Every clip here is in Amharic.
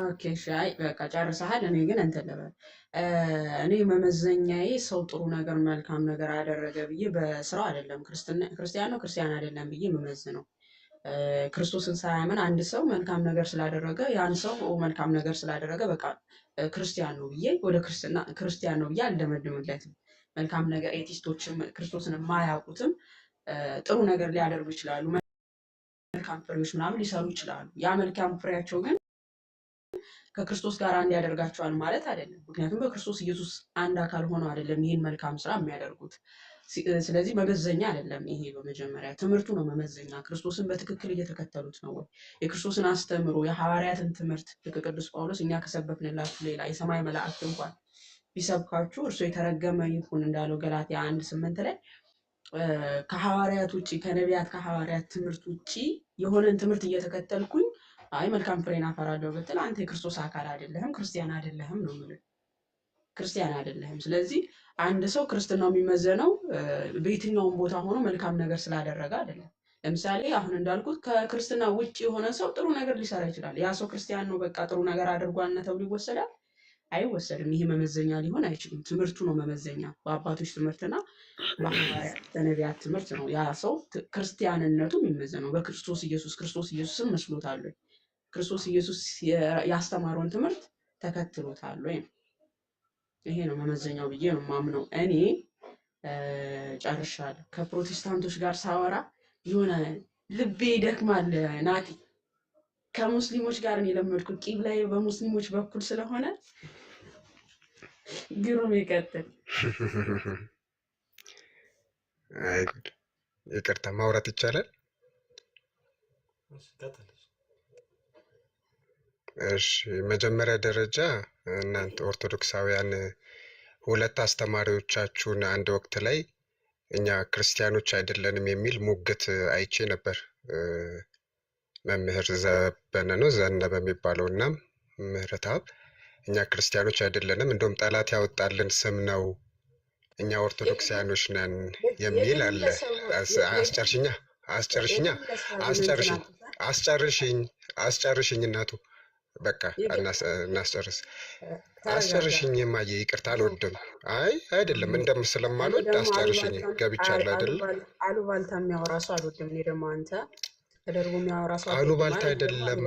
ኦኬ እሺ። አይ በቃ ጨርሰሃል። እኔ ግን እንትን ልበል፣ እኔ መመዘኛዬ ሰው ጥሩ ነገር መልካም ነገር አደረገ ብዬ በስራው አይደለም፣ ክርስቲያን ነው ክርስቲያን አይደለም ብዬ መመዝ ክርስቶስን ሳያምን አንድ ሰው መልካም ነገር ስላደረገ ያን ሰው መልካም ነገር ስላደረገ በቃ ክርስቲያን ነው ብዬ ወደ ክርስትና ክርስቲያን ነው ብዬ አልደመድምለትም። መልካም ነገር ኤቲስቶችም ክርስቶስን የማያውቁትም ጥሩ ነገር ሊያደርጉ ይችላሉ። መልካም ፍሬዎች ምናምን ሊሰሩ ይችላሉ። ያ መልካም ፍሬያቸው ግን ከክርስቶስ ጋር አንድ ያደርጋቸዋል ማለት አይደለም። ምክንያቱም በክርስቶስ ኢየሱስ አንድ አካል ሆነው አይደለም ይህን መልካም ስራ የሚያደርጉት። ስለዚህ መመዘኛ አይደለም ይሄ። በመጀመሪያ ትምህርቱ ነው መመዘኛ። ክርስቶስን በትክክል እየተከተሉት ነው ወይ? የክርስቶስን አስተምሮ የሐዋርያትን ትምህርት ልክ ቅዱስ ጳውሎስ እኛ ከሰበክንላችሁ ሌላ የሰማይ መላእክት እንኳን ቢሰብካችሁ እርሱ የተረገመ ይሁን እንዳለው ገላትያ አንድ ስምንት ላይ ከሐዋርያት ውጭ ከነቢያት ከሐዋርያት ትምህርት ውጭ የሆነን ትምህርት እየተከተልኩኝ አይ መልካም ፍሬን አፈራለሁ ብትል አንተ የክርስቶስ አካል አይደለህም፣ ክርስቲያን አይደለህም ነው የምልህ። ክርስቲያን አይደለህም። ስለዚህ አንድ ሰው ክርስትናው የሚመዘነው በየትኛውም ቦታ ሆኖ መልካም ነገር ስላደረገ አይደለም። ለምሳሌ አሁን እንዳልኩት ከክርስትና ውጭ የሆነ ሰው ጥሩ ነገር ሊሰራ ይችላል። ያ ሰው ክርስቲያን ነው፣ በቃ ጥሩ ነገር አድርጓል ተብሎ ይወሰዳል? አይወሰድም። ይሄ መመዘኛ ሊሆን አይችልም። ትምህርቱ ነው መመዘኛ። በአባቶች ትምህርትና በነቢያት ትምህርት ነው ያ ሰው ክርስቲያንነቱ የሚመዘነው። በክርስቶስ ኢየሱስ ክርስቶስ ኢየሱስን መስሎታል ክርስቶስ ኢየሱስ ያስተማረውን ትምህርት ተከትሎታል ወይ? ይሄ ነው መመዘኛው ብዬ ነው ማምነው። እኔ ጨርሻለሁ። ከፕሮቴስታንቶች ጋር ሳወራ የሆነ ልቤ ይደክማል ናቲ። ከሙስሊሞች ጋር እኔ የለመድኩት። ቂብ ላይ በሙስሊሞች በኩል ስለሆነ ግሩም ይቀጥል። ይቅርታ ማውራት ይቻላል። እሺ መጀመሪያ ደረጃ እናንተ ኦርቶዶክሳውያን ሁለት አስተማሪዎቻችሁን አንድ ወቅት ላይ እኛ ክርስቲያኖች አይደለንም የሚል ሙግት አይቼ ነበር። መምህር ዘበነ ነው ዘነበ የሚባለው እና ምህረታብ እኛ ክርስቲያኖች አይደለንም፣ እንደውም ጠላት ያወጣልን ስም ነው፣ እኛ ኦርቶዶክሳውያኖች ነን የሚል አለ። አስጨርሽኛ አስጨርሽኛ አስጨርሽኝ አስጨርሽኝ አስጨርሽኝ እናቱ በቃ እናስጨርስ። አስጨርሽኝ የማየ ይቅርታ አልወድም። አይ አይደለም እንደም ስለማልወድ አስጨርሽኝ። ገብቻለሁ አይደለም። አሉባልታ የሚያወራ ሰው አልወድም። እኔ ደግሞ አንተ ተደርጎ የሚያወራ ሰው አሉባልታ አይደለም።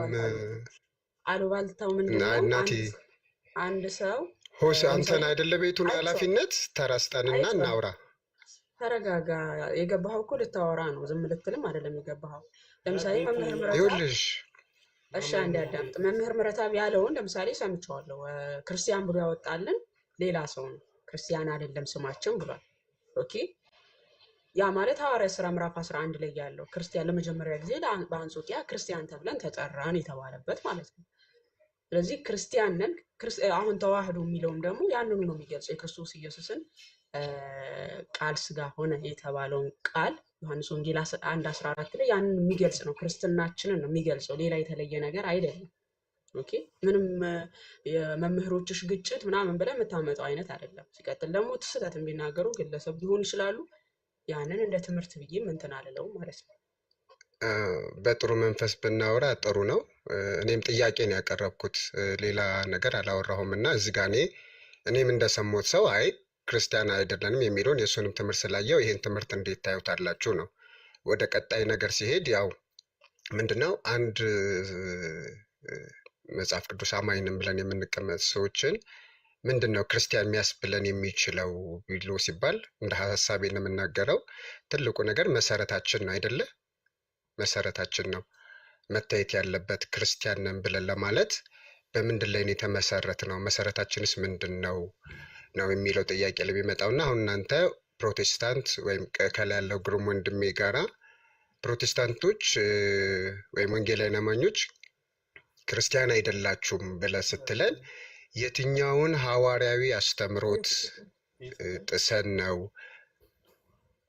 አሉባልታው ምንድን እናቴ? አንድ ሰው ሆስ አንተን አይደለ ቤቱን ኃላፊነት ተራስጠንና እናውራ ተረጋጋ። የገባኸው እኮ ልታወራ ነው። ዝም ልትልም አይደለም የገባኸው። ለምሳሌ መምህር ምረቃ ይኸውልሽ እሺ አንድ ያዳምጥ። መምህር ምረታብ ያለውን ለምሳሌ ሰምቸዋለሁ። ክርስቲያን ብሎ ያወጣልን ሌላ ሰው ነው። ክርስቲያን አይደለም ስማችን ብሏል። ኦኬ ያ ማለት ሐዋርያ ስራ ምዕራፍ 11 ላይ ያለው ክርስቲያን ለመጀመሪያ ጊዜ በአንጾኪያ ክርስቲያን ተብለን ተጠራን የተባለበት ማለት ነው። ስለዚህ ክርስቲያን ነን። አሁን ተዋህዶ የሚለውም ደግሞ ያንኑ ነው የሚገልጸው የክርስቶስ ኢየሱስን ቃል ስጋ ሆነ የተባለውን ቃል ዮሐንስ ወንጌል አንድ አስራ አራት ላይ ያንን የሚገልጽ ነው። ክርስትናችንን ነው የሚገልጸው። ሌላ የተለየ ነገር አይደለም። ኦኬ ምንም የመምህሮችሽ ግጭት ምናምን ብለህ የምታመጣው አይነት አይደለም። ሲቀጥል ደግሞ ስህተት የሚናገሩ ግለሰብ ሊሆን ይችላሉ። ያንን እንደ ትምህርት ብዬም እንትን አልለውም ማለት ነው። በጥሩ መንፈስ ብናወራ ጥሩ ነው። እኔም ጥያቄን ያቀረብኩት፣ ሌላ ነገር አላወራሁም እና እዚህ ጋ እኔም እንደሰሞት ሰው አይ ክርስቲያን አይደለንም የሚለውን የእሱንም ትምህርት ስላየው ይህን ትምህርት እንዴት ታዩታላችሁ ነው። ወደ ቀጣይ ነገር ሲሄድ ያው ምንድነው አንድ መጽሐፍ ቅዱስ አማኝንም ብለን የምንቀመጥ ሰዎችን ምንድን ነው ክርስቲያን የሚያስብለን የሚችለው ቢሎ ሲባል እንደ ሀሳቤ ነው የምናገረው። ትልቁ ነገር መሰረታችን ነው አይደለ? መሰረታችን ነው መታየት ያለበት ክርስቲያን ነን ብለን ለማለት በምንድን ላይ ነው የተመሰረት ነው? መሰረታችንስ ምንድን ነው? ነው የሚለው ጥያቄ ላይ ቢመጣውና አሁን እናንተ ፕሮቴስታንት ወይም ከላይ ያለው ግሩም ወንድሜ ጋራ ፕሮቴስታንቶች ወይም ወንጌላውያን አማኞች ክርስቲያን አይደላችሁም ብለህ ስትለን የትኛውን ሐዋርያዊ አስተምሮት ጥሰን ነው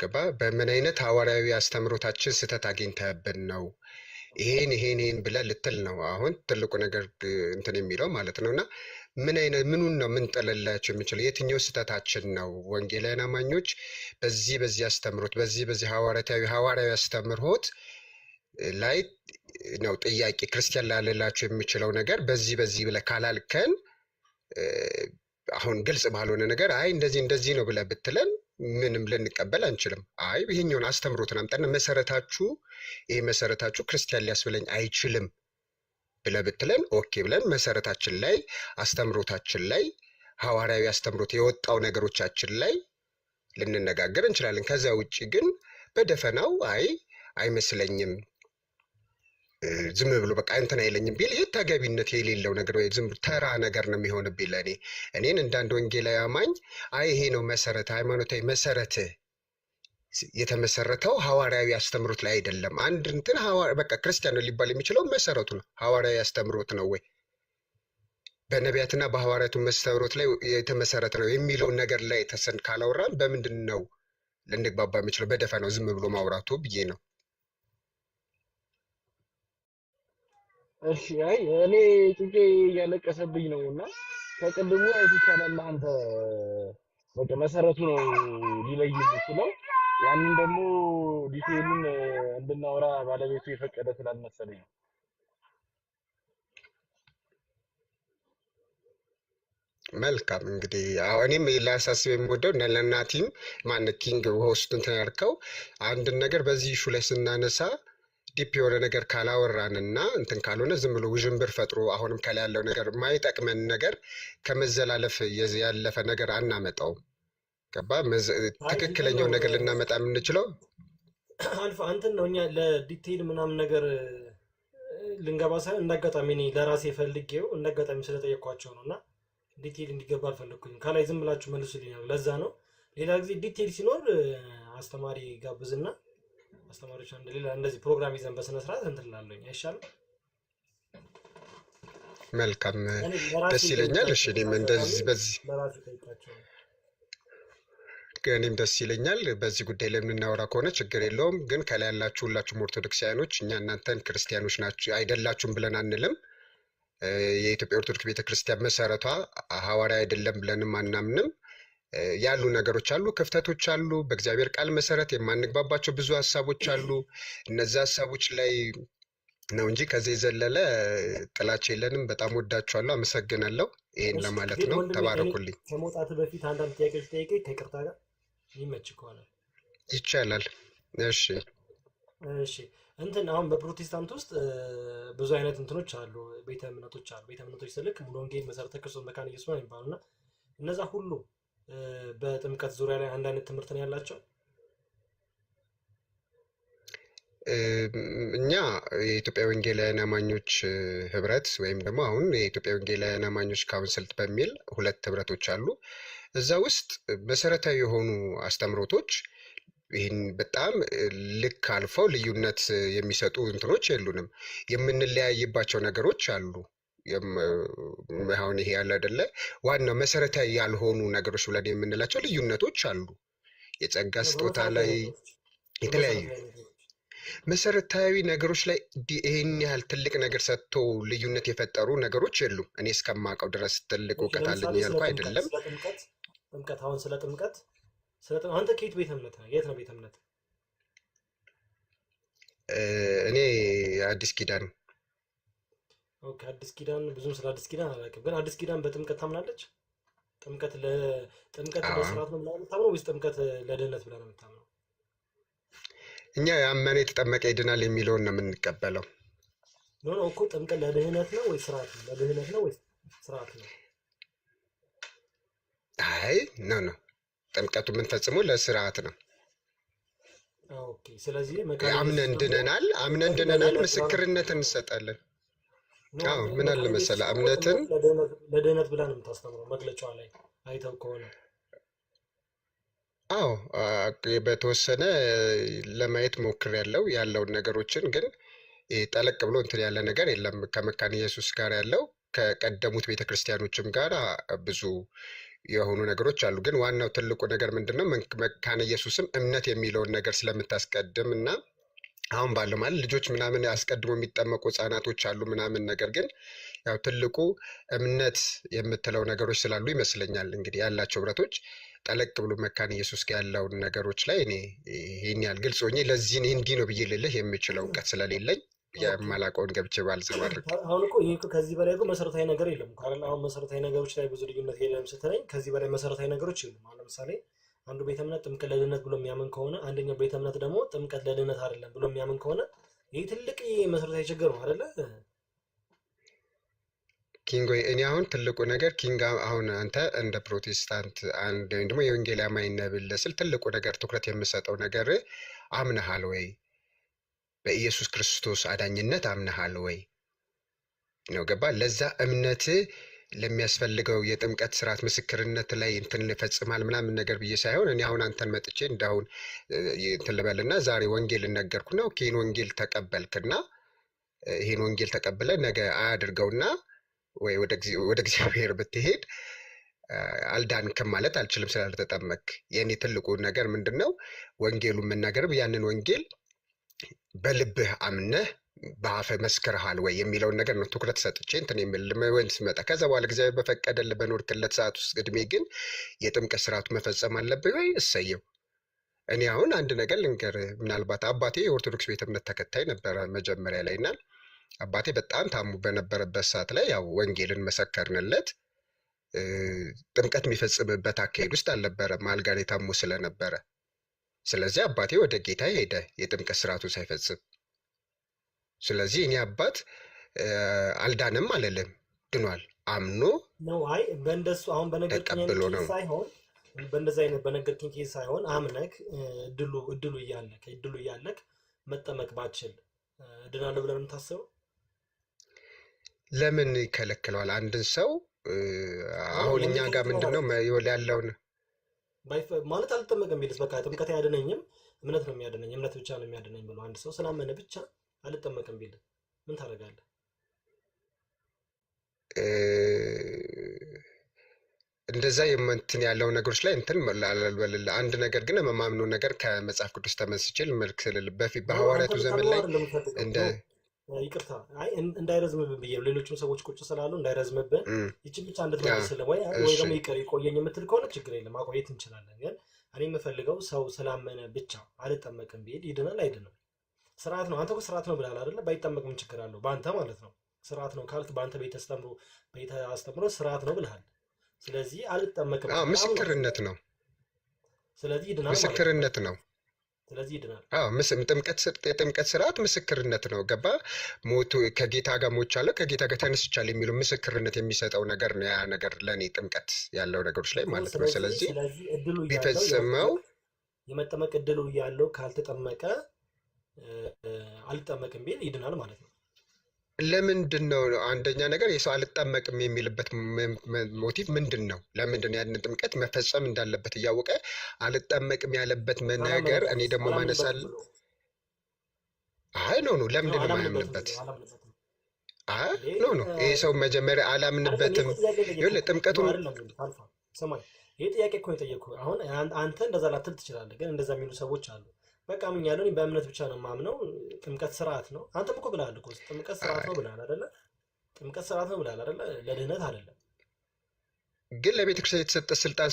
ገባ? በምን አይነት ሐዋርያዊ አስተምሮታችን ስህተት አግኝተህብን ነው ይሄን ይሄን ይሄን ብለህ ልትል ነው? አሁን ትልቁ ነገር እንትን የሚለው ማለት ነው እና ምን አይነት ምኑን ነው ምንጠለላቸው የሚችለው? የትኛው ስህተታችን ነው? ወንጌላውያን አማኞች በዚህ በዚህ አስተምሮት በዚህ በዚህ ሐዋርያዊ ሐዋርያዊ አስተምሮት ላይ ነው ጥያቄ ክርስቲያን ላለላቸው የሚችለው ነገር በዚህ በዚህ ብለህ ካላልከን አሁን ግልጽ ባልሆነ ነገር አይ እንደዚህ እንደዚህ ነው ብለህ ብትለን ምንም ልንቀበል አንችልም። አይ ይሄኛውን አስተምሮትን አምጠና መሰረታችሁ ይሄ መሰረታችሁ ክርስቲያን ሊያስብለኝ አይችልም ብለህ ብትለን ኦኬ ብለን መሰረታችን ላይ አስተምሮታችን ላይ ሐዋርያዊ አስተምሮት የወጣው ነገሮቻችን ላይ ልንነጋገር እንችላለን። ከዚያ ውጭ ግን በደፈናው አይ አይመስለኝም ዝም ብሎ በቃ እንትን አይለኝም ቢል ይህ ተገቢነት የሌለው ነገር ወይ ዝም ተራ ነገር ነው የሚሆንብኝ ለእኔ እኔን እንዳንድ ወንጌላዊ አማኝ አይ ይሄ ነው መሰረት ሃይማኖታዊ መሰረትህ የተመሰረተው ሐዋርያዊ አስተምሮት ላይ አይደለም። አንድ እንትን በቃ ክርስቲያን ነው ሊባል የሚችለው መሰረቱ ነው። ሐዋርያዊ አስተምሮት ነው ወይ በነቢያትና በሐዋርያቱ መስተምሮት ላይ የተመሰረተ ነው የሚለውን ነገር ላይ ተሰን ካላወራን በምንድን ነው ልንግባባ የምችለው? ነው ዝም ብሎ ማውራቱ ብዬ ነው። እሺ፣ አይ እኔ ጭቄ እያለቀሰብኝ ነው እና ከቅድሙ አይተሻላል አንተ በቃ መሰረቱ ነው ሊለይ የሚችለው ያንን ደግሞ ዲቴይሉን እንድናወራ ባለቤቱ የፈቀደ ስላልመሰለኝ ነው። መልካም እንግዲህ እኔም ላሳስብ የምወደው ለናቲም ማን ኪንግ ሆስት እንትን ያልከው አንድን ነገር በዚህ ኢሹ ላይ ስናነሳ ዲፕ የሆነ ነገር ካላወራን እና እንትን ካልሆነ ዝም ብሎ ውዥንብር ፈጥሮ አሁንም ከላይ ያለው ነገር የማይጠቅመን ነገር ከመዘላለፍ ያለፈ ነገር አናመጣውም። ገባ ትክክለኛውን ነገር ልናመጣ የምንችለው አልፋ አንተን ነው። እኛ ለዲቴይል ምናምን ነገር ልንገባ ሳይሆን እንዳጋጣሚ እኔ ለራሴ ፈልጌው እንዳጋጣሚ ስለጠየኳቸው ነው እና ዲቴይል እንዲገባ አልፈለግኩኝም። ከላይ ዝም ብላችሁ መልሱ ሊኖር ለዛ ነው። ሌላ ጊዜ ዲቴይል ሲኖር አስተማሪ ጋብዝና አስተማሪዎች ሌላ እንደዚህ ፕሮግራም ይዘን በስነስርዓት ስርዓት እንትን እላለሁኝ። አይሻልም? መልካም ደስ ይለኛል። እሺ እኔም እንደዚህ በዚህ እኔም ደስ ይለኛል። በዚህ ጉዳይ ላይ የምናወራ ከሆነ ችግር የለውም። ግን ከላይ ያላችሁ ሁላችሁም ኦርቶዶክሳውያኖች እኛ እናንተን ክርስቲያኖች ናችሁ አይደላችሁም ብለን አንልም። የኢትዮጵያ ኦርቶዶክስ ቤተክርስቲያን መሰረቷ ሐዋርያ አይደለም ብለንም አናምንም። ያሉ ነገሮች አሉ፣ ክፍተቶች አሉ። በእግዚአብሔር ቃል መሰረት የማንግባባቸው ብዙ ሀሳቦች አሉ። እነዚ ሀሳቦች ላይ ነው እንጂ ከዚህ የዘለለ ጥላቸው የለንም። በጣም ወዳችኋለሁ፣ አመሰግናለሁ። ይሄን ለማለት ነው። ተባረኩልኝ። ከመውጣት በፊት አንዳንድ ጥያቄዎች ጠይቄ ከቅርታ ጋር ይመች ከሆነ ይቻላል። እሺ እሺ እንትን አሁን በፕሮቴስታንት ውስጥ ብዙ አይነት እንትኖች አሉ፣ ቤተ እምነቶች አሉ። ቤተ እምነቶች ስልክ ሙሉ ወንጌል፣ መሰረተ ክርስቶስ፣ መካነ ኢየሱስ ነው የሚባሉ እና እነዛ ሁሉ በጥምቀት ዙሪያ ላይ አንድ አይነት ትምህርት ነው ያላቸው። እኛ የኢትዮጵያ ወንጌላውያን አማኞች ህብረት ወይም ደግሞ አሁን የኢትዮጵያ ወንጌላውያን አማኞች ካውንስልት በሚል ሁለት ህብረቶች አሉ። እዛ ውስጥ መሰረታዊ የሆኑ አስተምሮቶች ይህን በጣም ልክ አልፈው ልዩነት የሚሰጡ እንትኖች የሉንም። የምንለያይባቸው ነገሮች አሉ። አሁን ይሄ ያለ አይደለ ዋና መሰረታዊ ያልሆኑ ነገሮች ብለን የምንላቸው ልዩነቶች አሉ። የጸጋ ስጦታ ላይ የተለያዩ መሰረታዊ ነገሮች ላይ ይህን ያህል ትልቅ ነገር ሰጥቶ ልዩነት የፈጠሩ ነገሮች የሉም። እኔ እስከማውቀው ድረስ ትልቅ እውቀት አለኝ ያልኩ አይደለም። ጥምቀት አሁን ስለ ጥምቀት ስለ አንተ ከየት ቤተ እምነት ነው? የት ነው ቤተ እምነት? እኔ አዲስ ኪዳን። ኦኬ አዲስ ኪዳን። ብዙም ስለ አዲስ ኪዳን አላውቅም፣ ግን አዲስ ኪዳን በጥምቀት ታምናለች። ጥምቀት ለጥምቀት ለስርዓት ነው ምናምን ታምነው ወይስ ጥምቀት ለድህነት ብለህ ነው የምታምነው? እኛ ያመነ የተጠመቀ ይድናል የሚለውን ነው የምንቀበለው። ኖ ኖ እኮ ጥምቀት ለድህነት ነው ወይስ ስርዓት ነው? ለድህነት ነው ወይስ ስርዓት ነው? አይ ነው ነው ጥምቀቱ የምንፈጽመው ለስርዓት ነው። አምነን ድነናል፣ አምነን ድነናል፣ ምስክርነት እንሰጣለን። አዎ ምን አለ መሰለህ እምነትን ለድህነት ብላ የምታስተምረው መግለጫ ላይ አይተው ከሆነ አዎ በተወሰነ ለማየት ሞክር ያለው ያለውን ነገሮችን ግን ጠለቅ ብሎ እንትን ያለ ነገር የለም። ከመካነ ኢየሱስ ጋር ያለው ከቀደሙት ቤተክርስቲያኖችም ጋር ብዙ የሆኑ ነገሮች አሉ። ግን ዋናው ትልቁ ነገር ምንድነው መካን መካነ ኢየሱስም እምነት የሚለውን ነገር ስለምታስቀድም እና አሁን ባለው ማለት ልጆች ምናምን አስቀድሞ የሚጠመቁ ህጻናቶች አሉ ምናምን። ነገር ግን ያው ትልቁ እምነት የምትለው ነገሮች ስላሉ ይመስለኛል እንግዲህ ያላቸው ህብረቶች ጠለቅ ብሎ መካነ ኢየሱስ ያለውን ነገሮች ላይ እኔ ይህን ያህል ግልጽ ሆኜ ለዚህ እንዲህ ነው ብዬ ልልህ የምችለው እውቀት ስለሌለኝ የማላቀውን ገብቼ ባልሰባርቅ። አሁን እኮ ይህ ከዚህ በላይ መሰረታዊ ነገር የለም። አሁን መሰረታዊ ነገሮች ላይ ብዙ ልዩነት የለም ስትለኝ ከዚህ በላይ መሰረታዊ ነገሮች የሉም። አሁን ለምሳሌ አንዱ ቤተ እምነት ጥምቀት ለድነት ብሎ የሚያምን ከሆነ አንደኛው ቤተ እምነት ደግሞ ጥምቀት ለድነት አይደለም ብሎ የሚያምን ከሆነ ይህ ትልቅ መሰረታዊ ችግር ነው አይደለ? ኪንግ ወይ እኔ አሁን ትልቁ ነገር ኪንግ፣ አሁን አንተ እንደ ፕሮቴስታንት አንድ ወይም ደግሞ የወንጌል አማኝ ነህ ብል ስል ትልቁ ነገር ትኩረት የምሰጠው ነገር አምነሃል ወይ በኢየሱስ ክርስቶስ አዳኝነት አምነሃል ወይ ነው ገባ ለዛ እምነት ለሚያስፈልገው የጥምቀት ስርዓት ምስክርነት ላይ እንትን ንፈጽማል ምናምን ነገር ብዬ ሳይሆን እኔ አሁን አንተን መጥቼ እንዳሁን እንትን ልበልና ዛሬ ወንጌል እነገርኩና ኦኬ ይህን ወንጌል ተቀበልክና ይህን ወንጌል ተቀብለ ነገ አያድርገውና ወይ ወደ እግዚአብሔር ብትሄድ አልዳንክም ማለት አልችልም ስላልተጠመክ የእኔ ትልቁ ነገር ምንድን ነው ወንጌሉ የምናገርም ያንን ወንጌል በልብህ አምነህ በአፈ መስክርሃል ወይ የሚለውን ነገር ነው ትኩረት ሰጥቼ እንትን የሚል መልስ ስመጣ ከዛ በኋላ እግዚአብሔር በፈቀደልህ በኖርክለት ሰዓት ውስጥ እድሜ ግን የጥምቀት ስርዓቱ መፈጸም አለብህ ወይ? እሰየው። እኔ አሁን አንድ ነገር ልንገር። ምናልባት አባቴ የኦርቶዶክስ ቤተ እምነት ተከታይ ነበረ መጀመሪያ ላይ እና አባቴ በጣም ታሙ በነበረበት ሰዓት ላይ ያው ወንጌልን መሰከርንለት። ጥምቀት የሚፈጽምበት አካሄድ ውስጥ አልነበረም። አልጋ ላይ ታሞ ስለነበረ ስለዚህ አባቴ ወደ ጌታ ሄደ የጥምቀት ስርዓቱ ሳይፈጽም። ስለዚህ እኔ አባት አልዳንም አለልም፣ ድኗል። አምኖ ነው። አይ በእንደሱ አሁን ተቀብሎ ነው ሳይሆን በእንደዚህ አይነት በነገርክኝ ኬዝ ሳይሆን አምነክ እድሉ እድሉ እያለክ እድሉ እያለክ መጠመቅ ባችል እድናለሁ ብለን የምታስበው ለምን ይከለክለዋል? አንድን ሰው አሁን እኛ ጋር ምንድን ነው ያለውን ማለት አልጠመቅም ቢልስ በቃ ጥምቀት አያድነኝም፣ እምነት ነው የሚያድነኝ፣ እምነት ብቻ ነው የሚያድነኝ ብሎ አንድ ሰው ስላመነ ብቻ አልጠመቅም ቢል ምን ታደርጋለህ? እንደዛ የምንትን ያለው ነገሮች ላይ እንትን ላልበልል አንድ ነገር ግን የማምነው ነገር ከመጽሐፍ ቅዱስ ተመስቼ ልመልክ ስልል በፊት በሐዋርያቱ ዘመን ላይ እንደ ይቅርታ እንዳይረዝምብን ብዬ ነው። ሌሎችም ሰዎች ቁጭ ስላሉ እንዳይረዝምብን ይችን ብቻ እንድትመልስል ወይ ወይ ደግሞ ይቅር ይቆየኝ የምትል ከሆነ ችግር የለም ማቆየት እንችላለን። ግን እኔ የምፈልገው ሰው ስላመነ ብቻ አልጠመቅም ቢሄድ ይድናል አይድንም? ስርዓት ነው። አንተ እኮ ስርዓት ነው ብላል አደለ? ባይጠመቅም ችግር አለው በአንተ ማለት ነው። ስርዓት ነው ካልክ በአንተ ቤተ አስተምሮ ቤተ አስተምሮ ስርዓት ነው ብልሃል። ስለዚህ አልጠመቅም ምስክርነት ነው። ስለዚህ ይድናል ምስክርነት ነው ስለዚህ ይድናል። የጥምቀት ስርዓት ምስክርነት ነው። ገባ ሞቱ ከጌታ ጋር ሞቻለሁ ከጌታ ጋር ተነስቻለሁ የሚሉ ምስክርነት የሚሰጠው ነገር ነው። ያ ነገር ለእኔ ጥምቀት ያለው ነገሮች ላይ ማለት ነው። ስለዚህ ቢፈጽመው የመጠመቅ እድሉ እያለው ካልተጠመቀ አልጠመቅም ቢል ይድናል ማለት ነው። ለምንድን ነው አንደኛ ነገር የሰው አልጠመቅም የሚልበት ሞቲቭ ምንድን ነው? ለምንድን ነው ያንን ጥምቀት መፈጸም እንዳለበት እያወቀ አልጠመቅም ያለበት ነገር? እኔ ደግሞ ማነሳል አይ ኖ ኖ ለምንድን ነው ማያምንበት? ኖ ኖ ይህ ሰው መጀመሪያ አላምንበትም። ይኸውልህ ጥምቀቱን ይህ ጥያቄ እኮ የጠየኩህ አሁን አንተ እንደዛ ላትል ትችላለህ፣ ግን እንደዛ የሚሉ ሰዎች አሉ በቃ አምኛለሁ፣ በእምነት ብቻ ነው የማምነው። ጥምቀት ስርዓት ነው። አንተም እኮ ብለሃል እኮ ጥምቀት ስርዓት ነው ብለሃል አይደለ? ጥምቀት ስርዓት ነው ብለሃል አይደለ? ለድህነት አይደለም ግን ለቤተክርስቲያን የተሰጠ ስልጣን